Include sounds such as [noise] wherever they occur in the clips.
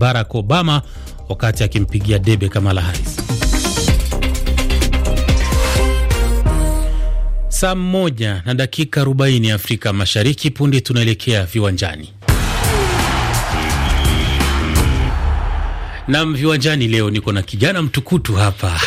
Barack Obama wakati akimpigia debe Kamala Harris. Saa moja na dakika 40 Afrika Mashariki. Punde tunaelekea viwanjani. Nam viwanjani leo niko na kijana mtukutu hapa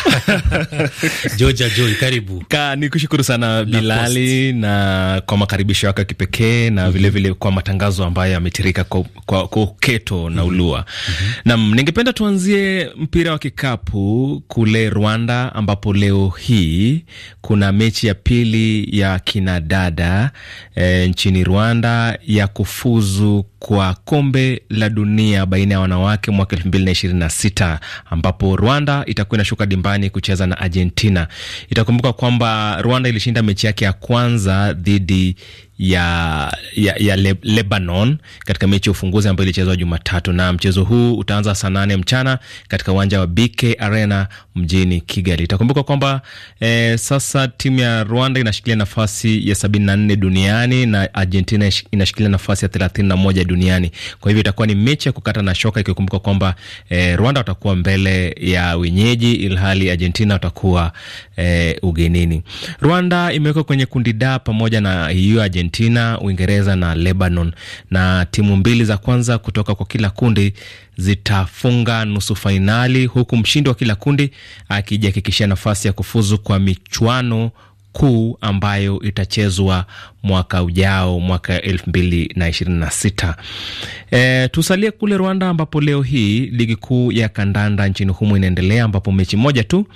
[laughs] Georgia Joy, karibu. Ka, ni kushukuru sana Bilali na, na kwa makaribisho yako ya kipekee na vilevile mm -hmm. kwa matangazo ambayo yametirika kwa, uketo na mhm. ulua mm -hmm. Nam, ningependa tuanzie mpira wa kikapu kule Rwanda ambapo leo hii kuna mechi ya pili ya kinadada e, eh, nchini Rwanda ya kufuzu kwa kombe la dunia baina ya wanawake mwaka elfu mbili na ishirini 26 ambapo Rwanda itakuwa inashuka dimbani kucheza na Argentina. Itakumbuka kwamba Rwanda ilishinda mechi yake ya kwanza dhidi ya, ya, ya Le Lebanon katika mechi ya ufunguzi ambayo ilichezwa Jumatatu, na mchezo huu utaanza saa nane mchana katika uwanja wa BK Arena mjini Kigali. Itakumbuka kwamba eh, sasa timu ya Rwanda inashikilia nafasi ya sabini na nne duniani na Argentina inashikilia nafasi ya thelathini na moja duniani. Kwa hivyo itakuwa ni mechi ya kukata na shoka, ikikumbuka kwamba eh, Rwanda watakuwa mbele ya wenyeji, ilhali Argentina watakuwa eh, ugenini. Rwanda imewekwa kwenye kundi da pamoja na hiyo Argentina Argentina, Uingereza na Lebanon, na timu mbili za kwanza kutoka kwa kila kundi zitafunga nusu fainali, huku mshindi wa kila kundi akijihakikishia nafasi ya kufuzu kwa michuano kuu ambayo itachezwa mwaka ujao mwaka elfu mbili na ishirini na sita. E, tusalie kule Rwanda ambapo leo hii ligi kuu ya kandanda nchini humo inaendelea ambapo mechi moja tu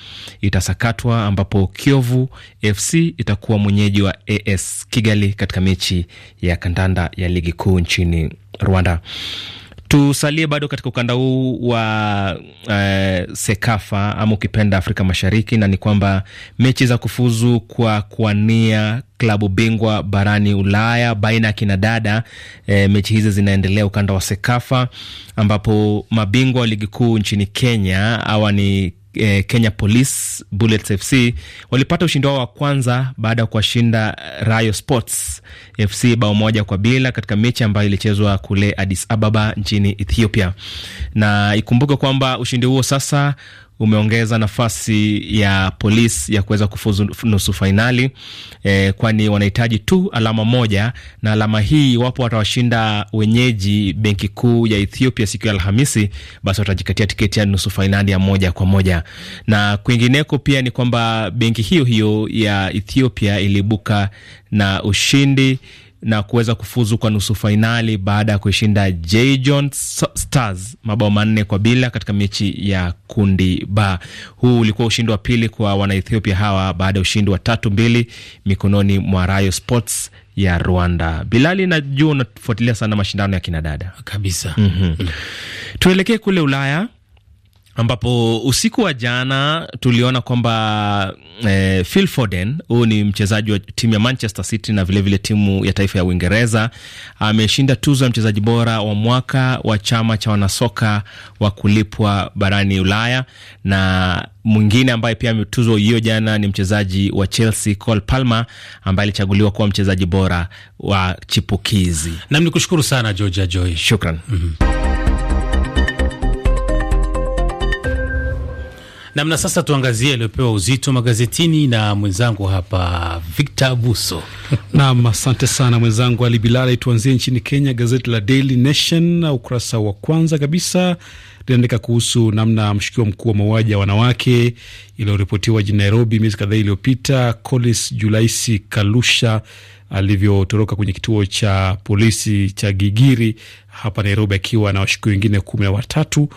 itasakatwa ambapo Kiovu FC itakuwa mwenyeji wa AS Kigali katika mechi ya kandanda ya ligi kuu nchini Rwanda. Tusalie bado katika ukanda huu wa uh, Sekafa ama ukipenda Afrika Mashariki, na ni kwamba mechi za kufuzu kwa kuania klabu bingwa barani Ulaya baina ya kinadada e, eh, mechi hizi zinaendelea ukanda wa Sekafa, ambapo mabingwa wa ligi kuu nchini Kenya hawa ni eh, Kenya Police Bullets FC walipata ushindi wao wa kwanza baada ya kuwashinda Rayo Sports FC bao moja kwa bila katika mechi ambayo ilichezwa kule Addis Ababa nchini Ethiopia, na ikumbuke kwamba ushindi huo sasa umeongeza nafasi ya polisi ya kuweza kufuzu nusu fainali e, eh, kwani wanahitaji tu alama moja, na alama hii iwapo watawashinda wenyeji Benki Kuu ya Ethiopia siku ya Alhamisi, basi watajikatia tiketi ya nusu fainali ya moja kwa moja. Na kwingineko pia ni kwamba benki hiyo hiyo ya Ethiopia ilibuka na ushindi na kuweza kufuzu kwa nusu fainali baada ya kuishinda jjon Stars mabao manne kwa bila katika mechi ya kundi ba. Huu ulikuwa ushindi wa pili kwa Wanaethiopia hawa baada ya ushindi wa tatu mbili mikononi mwa Rayo Sports ya Rwanda. Bilali, najua unafuatilia sana mashindano ya kinadada kabisa. mm -hmm. Tuelekee kule Ulaya ambapo usiku wa jana tuliona kwamba eh, Phil Foden huyu ni mchezaji wa timu ya Manchester City na vilevile vile timu ya taifa ya Uingereza ameshinda tuzo ya mchezaji bora wa mwaka wa chama cha wanasoka wa kulipwa barani Ulaya na mwingine ambaye pia ametuzwa hiyo jana ni mchezaji wa Chelsea Cole Palmer ambaye alichaguliwa kuwa mchezaji bora wa chipukizi. Nam ni kushukuru sana Georgia Joy, shukran. mm -hmm. Namna sasa, tuangazie aliopewa uzito magazetini na mwenzangu hapa Victor Abuso. [laughs] Nam, asante sana mwenzangu Ali Bilali. Tuanzie nchini Kenya, gazeti la Daily Nation ukurasa wa kwanza kabisa linaandika kuhusu namna mshukiwa mkuu wa mauaji ya wanawake iliyoripotiwa jijini Nairobi miezi kadhaa iliyopita, Collins Julaisi Kalusha alivyotoroka kwenye kituo cha polisi cha Gigiri hapa Nairobi akiwa na washukiwa wengine kumi na watatu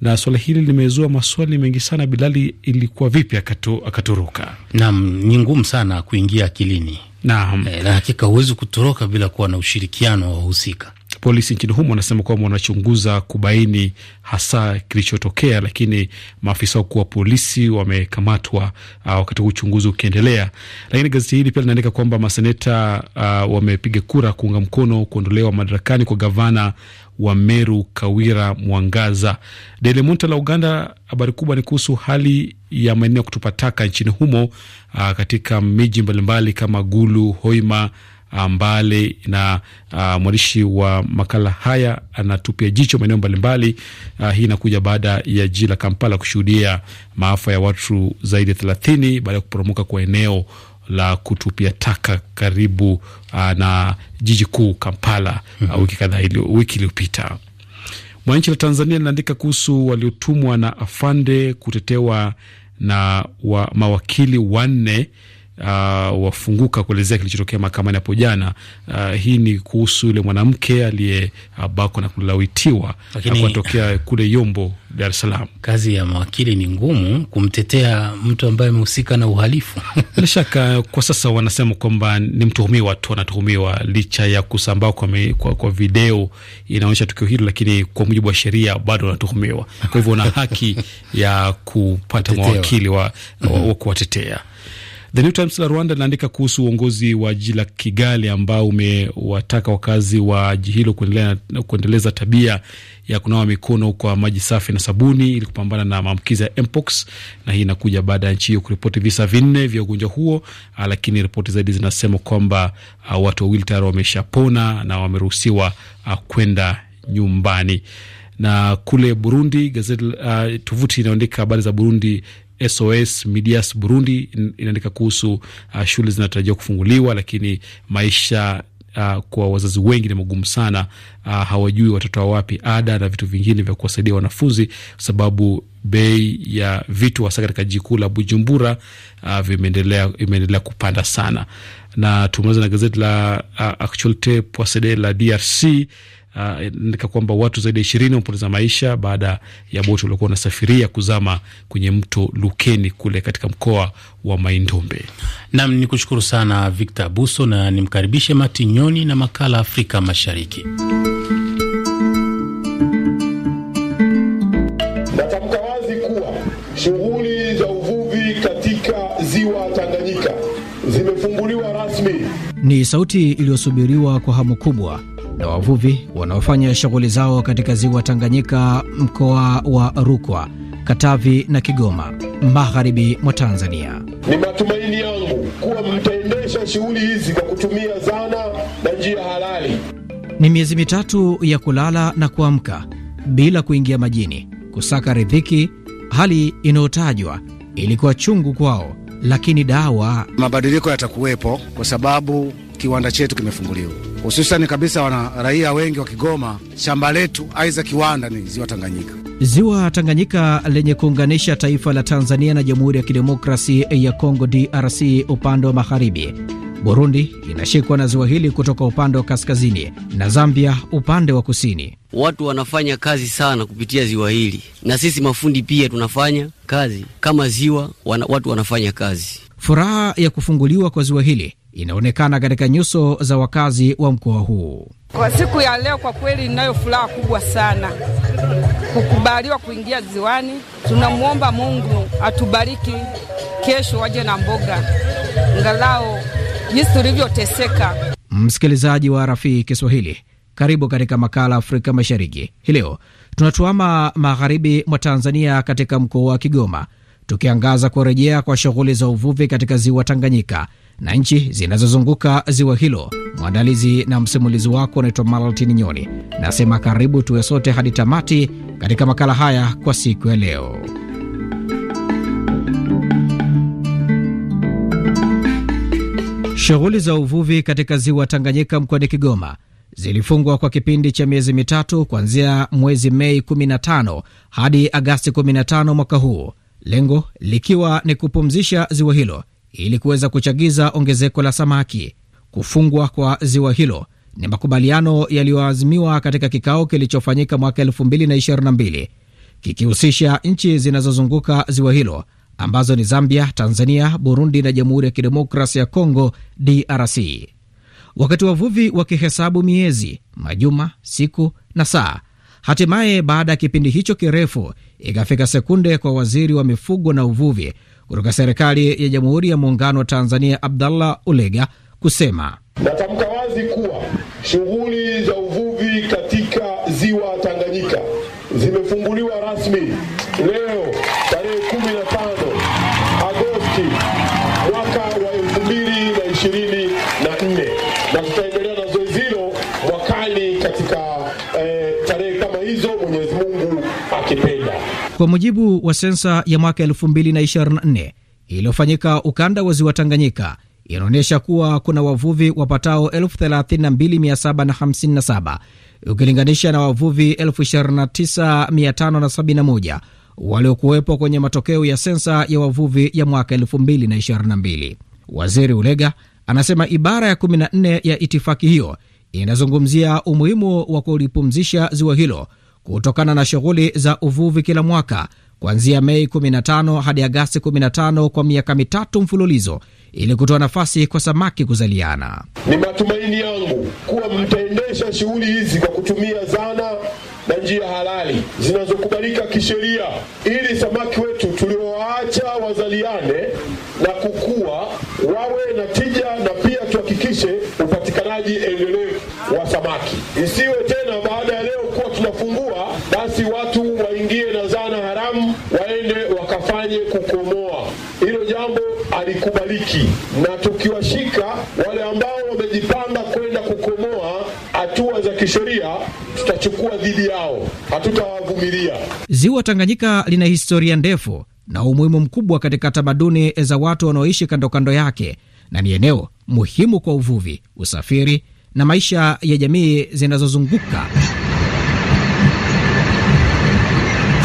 na swala hili limezua maswali mengi sana. Bilali, ilikuwa vipi akatoroka? Naam, ni ngumu sana kuingia akilini. Naam, e, na hakika huwezi kutoroka bila kuwa na ushirikiano wa wahusika. Polisi nchini humo wanasema kwamba wanachunguza kubaini hasa kilichotokea, lakini maafisa wakuu wa polisi wamekamatwa uh, wakati huu uchunguzi ukiendelea. Lakini gazeti hili pia linaandika kwamba maseneta uh, wamepiga kura kuunga mkono kuondolewa madarakani kwa gavana wa Meru Kawira Mwangaza. Daily Monitor la Uganda, habari kubwa ni kuhusu hali ya maeneo ya kutupa taka nchini humo, aa, ah, katika miji mbalimbali kama Gulu, Hoima, ah, Mbale na ah, mwandishi wa makala haya anatupia jicho maeneo mbalimbali. Hii inakuja baada ya jiji la Kampala kushuhudia maafa ya watu zaidi ya thelathini baada ya kuporomoka kwa eneo la kutupia taka karibu uh, na jiji kuu Kampala mm -hmm. uh, wiki kadhaa wiki iliyopita. Mwananchi la Tanzania linaandika kuhusu waliotumwa na afande kutetewa na wa, mawakili wanne uh, wafunguka kuelezea kilichotokea mahakamani hapo jana. Uh, hii ni kuhusu yule mwanamke aliyebakwa uh, na kulawitiwa uh, kutokea kule Yombo, Dar es Salaam. Kazi ya mawakili ni ngumu, kumtetea mtu ambaye amehusika na uhalifu [laughs] bila shaka. Kwa sasa wanasema kwamba ni mtuhumiwa tu, anatuhumiwa licha ya kusambaa kwa, kwa, kwa video inaonyesha tukio hilo, lakini kwa mujibu wa sheria bado anatuhumiwa. Kwa hivyo una haki [laughs] ya kupata mawakili wa, wa, wa mhm. kuwatetea The New Times la Rwanda linaandika kuhusu uongozi wa jiji la Kigali ambao umewataka wakazi wa jiji hilo kuendeleza tabia ya kunawa mikono kwa maji safi na sabuni ili kupambana na maambukizi ya mpox, na hii inakuja baada ya nchi hiyo kuripoti visa vinne vya ugonjwa huo, ah, lakini ripoti zaidi zinasema kwamba ah, watu wawili tayari wameshapona na wameruhusiwa ah, kwenda nyumbani na kule Burundi gazeti uh, tovuti inaandika habari za Burundi SOS Medias Burundi inaandika kuhusu uh, shule zinatarajiwa kufunguliwa, lakini maisha Uh, kwa wazazi wengi ni magumu sana. Uh, hawajui watoto wa wapi ada na vitu vingine vya kuwasaidia wanafunzi, kwa sababu bei ya vitu hasa katika jiji kuu la Bujumbura uh, vimeendelea imeendelea kupanda sana, na tumaliza na gazeti la uh, Actualité Poissede la DRC Ah, inaandika uh, kwamba watu zaidi ya ishirini wamepoteza maisha baada ya boti waliokuwa wanasafiria kuzama kwenye mto Lukeni kule katika mkoa wa Maindombe. Nam ni kushukuru sana Victor Buso na nimkaribishe Mati Nyoni na makala Afrika Mashariki. Natamka wazi kuwa shughuli za uvuvi katika ziwa Tanganyika zimefunguliwa rasmi. Ni sauti iliyosubiriwa kwa hamu kubwa wa wavuvi wanaofanya shughuli zao katika ziwa Tanganyika, mkoa wa Rukwa, Katavi na Kigoma, magharibi mwa Tanzania. Ni matumaini yangu kuwa mtaendesha shughuli hizi kwa kutumia zana na njia halali. Ni miezi mitatu ya kulala na kuamka bila kuingia majini kusaka riziki, hali inayotajwa ilikuwa chungu kwao, lakini dawa, mabadiliko yatakuwepo kwa sababu kiwanda chetu kimefunguliwa hususani kabisa wana raia wengi wa Kigoma, shamba letu aiza kiwanda ni ziwa Tanganyika. Ziwa Tanganyika lenye kuunganisha taifa la Tanzania na Jamhuri ya Kidemokrasi ya Kongo DRC upande wa magharibi. Burundi inashikwa na ziwa hili kutoka upande wa kaskazini na Zambia upande wa kusini. Watu wanafanya kazi sana kupitia ziwa hili, na sisi mafundi pia tunafanya kazi kama ziwa wana, watu wanafanya kazi. Furaha ya kufunguliwa kwa ziwa hili inaonekana katika nyuso za wakazi wa mkoa huu. Kwa siku ya leo, kwa kweli ninayo furaha kubwa sana kukubaliwa kuingia ziwani. Tunamwomba Mungu atubariki, kesho waje na mboga ngalao jinsi tulivyoteseka. Msikilizaji wa Rafii Kiswahili, karibu katika makala Afrika Mashariki. Hii leo tunatuama magharibi mwa Tanzania, katika mkoa wa Kigoma tukiangaza kurejea kwa shughuli za uvuvi katika ziwa Tanganyika na nchi zinazozunguka ziwa hilo. Mwandalizi na msimulizi wako unaitwa Malaltini Nyoni, nasema karibu tuwe sote hadi tamati katika makala haya kwa siku ya leo. Shughuli za uvuvi katika ziwa Tanganyika mkoani Kigoma zilifungwa kwa kipindi cha miezi mitatu kuanzia mwezi Mei 15 hadi Agasti 15 mwaka huu lengo likiwa ni kupumzisha ziwa hilo ili kuweza kuchagiza ongezeko la samaki. Kufungwa kwa ziwa hilo ni makubaliano yaliyoazimiwa katika kikao kilichofanyika mwaka 2022 kikihusisha nchi zinazozunguka ziwa hilo ambazo ni Zambia, Tanzania, Burundi na Jamhuri ya Kidemokrasia ya Kongo, DRC. Wakati wavuvi wakihesabu miezi, majuma, siku na saa Hatimaye, baada ya kipindi hicho kirefu, ikafika sekunde kwa waziri wa mifugo na uvuvi kutoka serikali ya Jamhuri ya Muungano wa Tanzania, Abdallah Ulega kusema, natamka wazi kuwa shughuli za uvuvi katika ziwa Tanganyika zimefunguliwa rasmi leo Kipenda. Kwa mujibu wa sensa ya mwaka 2024 iliyofanyika ukanda wa ziwa Tanganyika inaonyesha kuwa kuna wavuvi wapatao 32757 ukilinganisha na wavuvi 29571 waliokuwepo kwenye matokeo ya sensa ya wavuvi ya mwaka 2022. Waziri Ulega anasema ibara ya 14 ya itifaki hiyo inazungumzia umuhimu wa kulipumzisha ziwa hilo kutokana na shughuli za uvuvi kila mwaka kuanzia Mei 15 hadi Agasti 15 kwa miaka mitatu mfululizo ili kutoa nafasi kwa samaki kuzaliana. Ni matumaini yangu kuwa mtaendesha shughuli hizi kwa kutumia zana na njia halali zinazokubalika kisheria ili samaki wetu tuliowaacha wazaliane na kukua, wawe na tija na pia tuhakikishe upatikanaji endelevu wa samaki. Isiwe tena baada ya leo kuwa tunafungua basi watu waingie na zana haramu waende wakafanye kukomoa. Hilo jambo alikubaliki, na tukiwashika wale ambao wamejipanga kwenda kukomoa hatua za kisheria tutachukua dhidi yao, hatutawavumilia. Ziwa Tanganyika lina historia ndefu na umuhimu mkubwa katika tamaduni za watu wanaoishi kando kando yake, na ni eneo muhimu kwa uvuvi, usafiri na maisha ya jamii zinazozunguka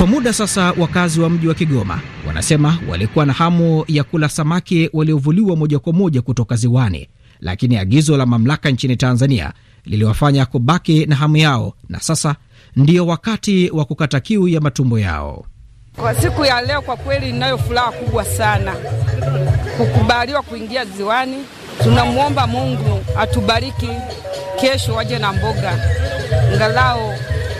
kwa muda sasa, wakazi wa mji wa Kigoma wanasema walikuwa na hamu ya kula samaki waliovuliwa moja kwa moja kutoka ziwani, lakini agizo la mamlaka nchini Tanzania liliwafanya kubaki na hamu yao, na sasa ndiyo wakati wa kukata kiu ya matumbo yao. Kwa siku ya leo, kwa kweli ninayo furaha kubwa sana kukubaliwa kuingia ziwani. Tunamwomba Mungu atubariki, kesho waje na mboga, angalau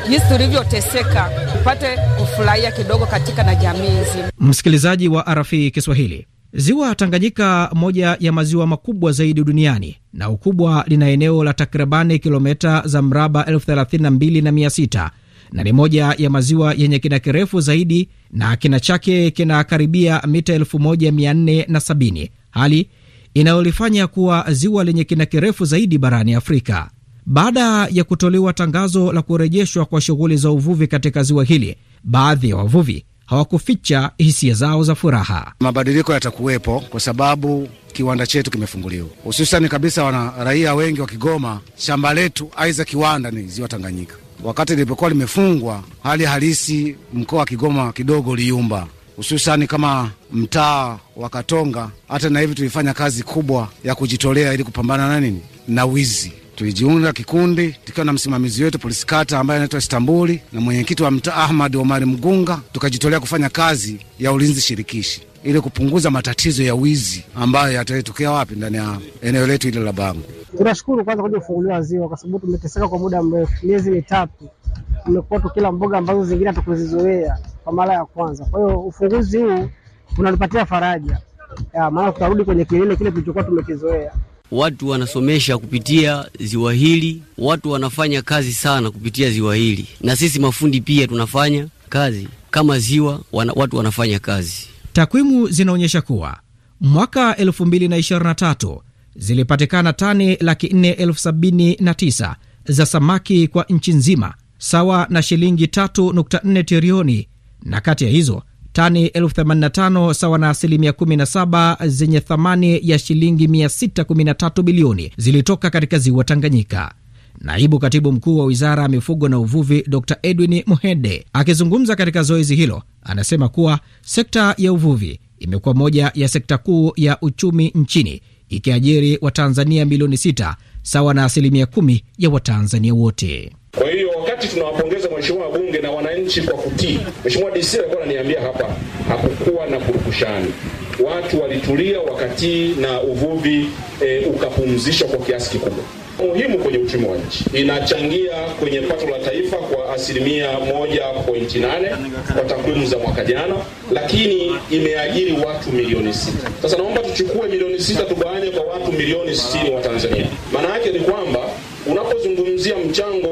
jinsi tulivyoteseka upate kufurahia kidogo katika na jamii nzima. Msikilizaji wa RFI Kiswahili, Ziwa Tanganyika, moja ya maziwa makubwa zaidi duniani na ukubwa, lina eneo la takribani kilomita za mraba 326 na na ni moja ya maziwa yenye kina kirefu zaidi na kina chake kinakaribia mita 1470 hali inayolifanya kuwa ziwa lenye kina kirefu zaidi barani Afrika. Baada ya kutolewa tangazo la kurejeshwa kwa shughuli za uvuvi katika ziwa hili, baadhi ya wavuvi hawakuficha hisia zao za furaha. Mabadiliko yatakuwepo kwa sababu kiwanda chetu kimefunguliwa, hususani kabisa wana raia wengi wa Kigoma. Shamba letu aiza kiwanda ni ziwa Tanganyika. Wakati lilipokuwa limefungwa, hali halisi mkoa wa Kigoma kidogo uliumba, hususani kama mtaa wa Katonga. Hata na hivi tulifanya kazi kubwa ya kujitolea ili kupambana na nini na wizi tulijiunga kikundi tukiwa na msimamizi wetu polisi kata ambaye anaitwa Istambuli na mwenyekiti wa mtaa Ahmad Omari Mgunga, tukajitolea kufanya kazi ya ulinzi shirikishi ili kupunguza matatizo ya wizi ambayo yatatokea wapi ndani ya eneo letu hili la Bangu. Tunashukuru kwanza kuja kufunguliwa ziwa, kwa sababu tumeteseka kwa muda mrefu, miezi mitatu tumekuwa tukila mboga ambazo zingine hatukuzizoea kwa mara ya kwanza. Kwa hiyo ufunguzi huu unatupatia faraja, maana tutarudi kwenye kilele kile tulichokuwa tumekizoea watu wanasomesha kupitia ziwa hili, watu wanafanya kazi sana kupitia ziwa hili, na sisi mafundi pia tunafanya kazi kama ziwa wana, watu wanafanya kazi. Takwimu zinaonyesha kuwa mwaka 2023 zilipatikana tani laki 479 za samaki kwa nchi nzima, sawa na shilingi 3.4 trilioni, na kati ya hizo tani 85 sawa na asilimia 17 zenye thamani ya shilingi 613 bilioni zilitoka katika ziwa Tanganyika. Naibu katibu mkuu wa wizara ya mifugo na uvuvi Dr Edwin Muhede akizungumza katika zoezi hilo anasema kuwa sekta ya uvuvi imekuwa moja ya sekta kuu ya uchumi nchini ikiajiri Watanzania milioni 6 sawa na asilimia kumi ya Watanzania wote. Kwa hiyo wakati tunawapongeza mheshimiwa wabunge na wananchi kwa kutii, mheshimiwa DC alikuwa ananiambia hapa, hakukuwa na kurukushani, watu walitulia wakati na uvuvi e, ukapumzishwa kwa kiasi kikubwa muhimu kwenye uchumi wa nchi. Inachangia kwenye pato la taifa kwa asilimia 1.8 kwa takwimu za mwaka jana, lakini imeajiri watu milioni sita. Sasa naomba tuchukue milioni sita tugawanye kwa watu milioni sitini wa Tanzania. Maana yake ni kwamba unapozungumzia mchango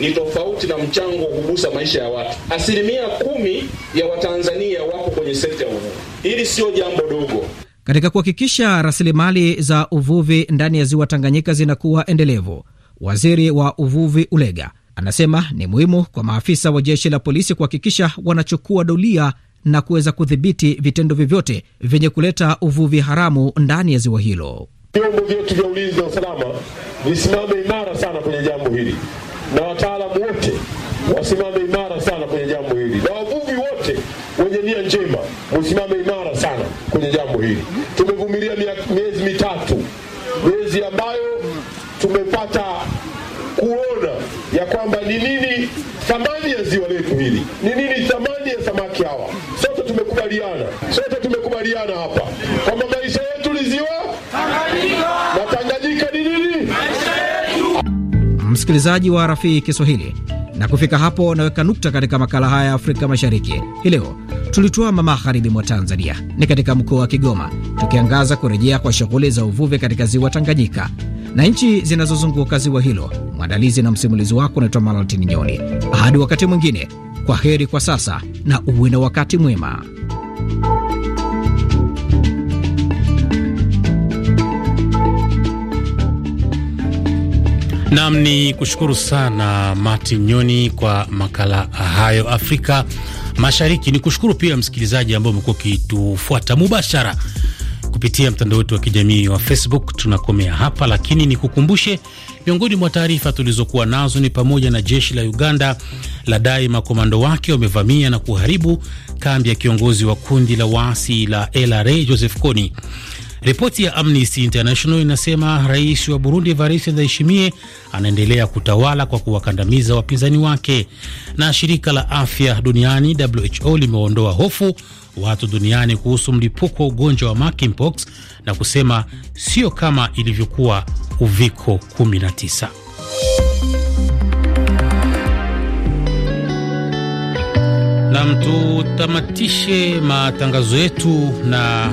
ni tofauti na mchango wa kugusa maisha ya watu. Asilimia kumi ya Watanzania wako kwenye sekta ya uvuvi. Hili sio jambo dogo. Katika kuhakikisha rasilimali za uvuvi ndani ya ziwa Tanganyika zinakuwa endelevu, waziri wa uvuvi Ulega anasema ni muhimu kwa maafisa wa jeshi la polisi kuhakikisha wanachukua dolia na kuweza kudhibiti vitendo vyovyote vyenye kuleta uvuvi haramu ndani ya ziwa hilo. Vyombo vyetu vya ulinzi na usalama visimame imara sana kwenye jambo hili na msimame imara sana kwenye jambo hili, na wavuvi wote wenye nia njema msimame imara sana kwenye jambo hili. Tumevumilia miezi mitatu, miezi ambayo tumepata kuona ya kwamba ni nini thamani ya ziwa letu hili, ni nini thamani ya samaki hawa. Sote tumekubaliana, sote tumekubaliana hapa kwamba maisha yetu ni ziwa na Tanganyika ni nini. Msikilizaji wa Rafii Kiswahili na kufika hapo naweka nukta katika makala haya ya Afrika Mashariki hii leo. Tulituama magharibi mwa Tanzania, ni katika mkoa wa Kigoma, tukiangaza kurejea kwa shughuli za uvuvi katika ziwa Tanganyika na nchi zinazozunguka ziwa hilo. Mwandalizi na msimulizi wako unaitwa Malatini Nyoni. Hadi wakati mwingine, kwa heri kwa sasa na uwe na wakati mwema. Nam ni kushukuru sana Mati Nyoni kwa makala hayo Afrika Mashariki. Ni kushukuru pia msikilizaji ambao umekuwa ukitufuata mubashara kupitia mtandao wetu wa kijamii wa Facebook. Tunakomea hapa, lakini nikukumbushe miongoni mwa taarifa tulizokuwa nazo ni pamoja na jeshi la Uganda la dai makomando wake wamevamia na kuharibu kambi ya kiongozi wa kundi la waasi la LRA Joseph Kony. Ripoti ya Amnesty International inasema rais wa Burundi Evariste Ndayishimiye anaendelea kutawala kwa kuwakandamiza wapinzani wake. Na shirika la afya duniani WHO limeondoa hofu watu duniani kuhusu mlipuko wa ugonjwa wa monkeypox na kusema sio kama ilivyokuwa uviko 19. Nam, tutamatishe matangazo yetu na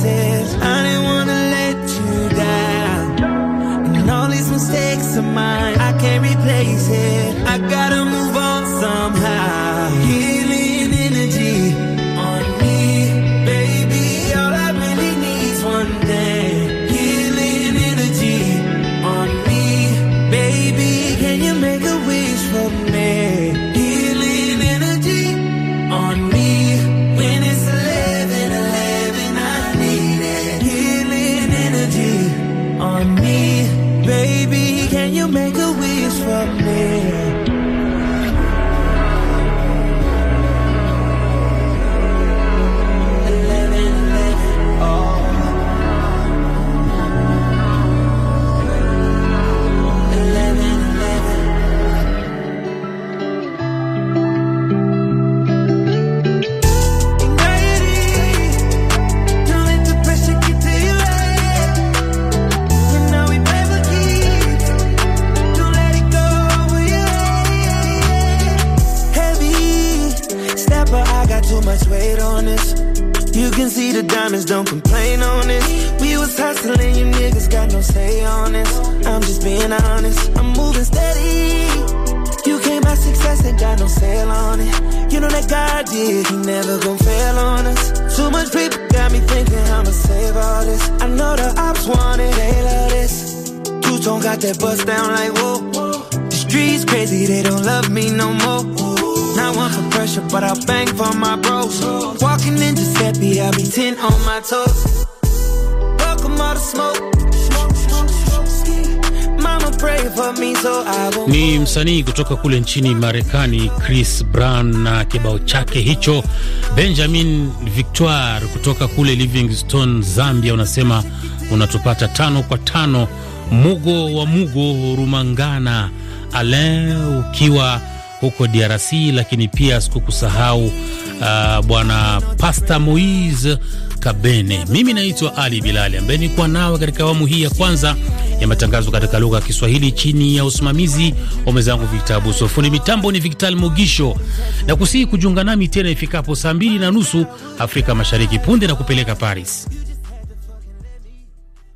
and you niggas got no say on this. I'm just being honest. I'm moving steady. You came by success and got no sale on it. You know that God did, he never gon' fail on us. Too much people got me thinking I'ma save all this. I know the ops want it, they love this. Two-tone got that bust down like whoa. The streets crazy, they don't love me no more. Not one for pressure, but I bang for my bros. Walking in Giuseppe, I be 10 on my toes. Ni msanii kutoka kule nchini Marekani, Chris Brown na kibao chake hicho. Benjamin Victoire kutoka kule Livingstone, Zambia, unasema unatupata tano kwa tano. Mugo wa Mugo Rumangana Alain ukiwa huko DRC, lakini pia sikukusahau uh, bwana Pasta Moise Kabene. Mimi naitwa Ali Bilali ambaye nilikuwa nawe katika awamu hii ya kwanza ya matangazo katika lugha ya Kiswahili chini ya usimamizi wa mwenzangu Victor Abuso. Fundi mitambo ni Victal Mugisho, na kusihi kujiunga nami tena ifikapo saa mbili na nusu Afrika Mashariki punde na kupeleka Paris.